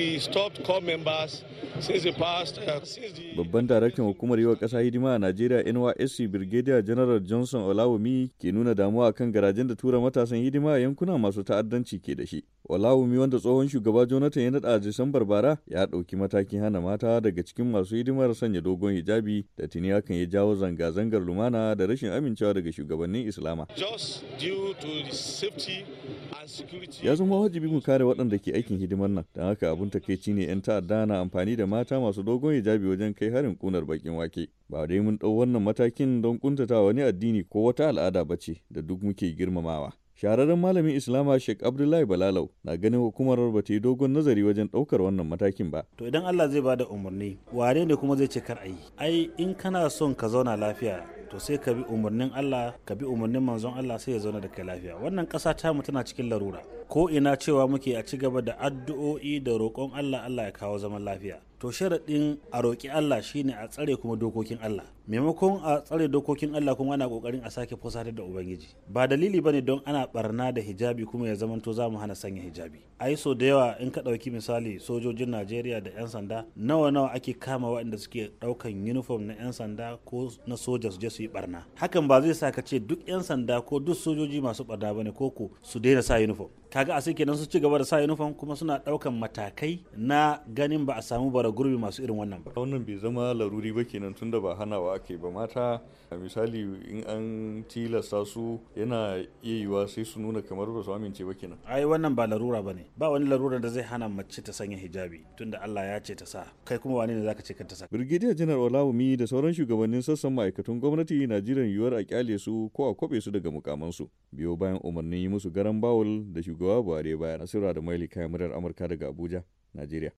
Uh, Babban daraktan hukumar yiwa ƙasa hidima a Najeriya NYSC Brigadier General Johnson Olawomi ke nuna damuwa kan garajen da tura matasan hidima a yankuna masu ta'addanci ke da shi. Olawumi wanda tsohon shugaba Jonathan ya naɗa a Disambar bara ya ɗauki matakin hana mata daga cikin masu hidimar sanya dogon hijabi da tuni hakan ya jawo zanga-zangar lumana da rashin amincewa daga shugabannin Islama. Ya zama wajibi mu kare waɗanda ke aikin hidimar nan, don haka abin takaici ne 'yan ta'adda na amfani da mata masu dogon hijabi wajen kai harin kunar bakin wake. Ba dai mun dau wannan matakin don kuntata wani addini ko wata al'ada ba ce da duk muke girmamawa. Shahararren malamin Islama Sheikh Abdullahi Balalau na ganin hukumar ba ta yi dogon nazari wajen ɗaukar wannan matakin ba. To idan Allah zai bada umarni, ware ne kuma zai ce kar a yi. Ai in kana son ka zauna lafiya to sai ka bi umarnin Allah, ka bi umarnin manzon Allah sai ya zauna da kai lafiya. Wannan ƙasa ta mu tana cikin larura. ko ina cewa muke a ci gaba da addu'o'i da roƙon Allah Allah ya kawo zaman lafiya to sharaɗin a roƙi Allah shine a tsare kuma dokokin Allah maimakon a tsare dokokin Allah kuma ana ƙoƙarin a sake fusatar da ubangiji ba dalili bane don ana barna da hijabi kuma ya zamanto za mu hana sanya hijabi ai so da yawa in ka ɗauki misali sojojin Najeriya da 'yan sanda nawa nawa ake kama waɗanda suke ɗaukan uniform na 'yan sanda ko na soja su je su yi barna hakan ba zai sa ka ce duk 'yan sanda ko duk sojoji masu barna bane ko ko su daina sa uniform kaga a kenan su ci gaba da sa uniform kuma suna daukan matakai na ganin ba a samu bara gurbi masu irin wannan ba wannan bai zama laruri ba kenan tunda ba hanawa ake ba mata a misali in an tilasta su yana iya yiwa sai su nuna kamar ba su amince ba kenan ai wannan ba larura ne ba wani larura da zai hana mace ta sanya hijabi tunda Allah ya ce ta sa kai kuma wane ne zaka ce ka ta sa brigadier general Olawumi da sauran shugabannin sassan ma'aikatan gwamnati na jiran yiwuwar a kyale su ko a kwabe su daga mukamansu biyo bayan umarnin yi musu garan bawul da gowa Buhari bayan Nasura da Maili kayan murar Amurka daga Abuja, Najeriya.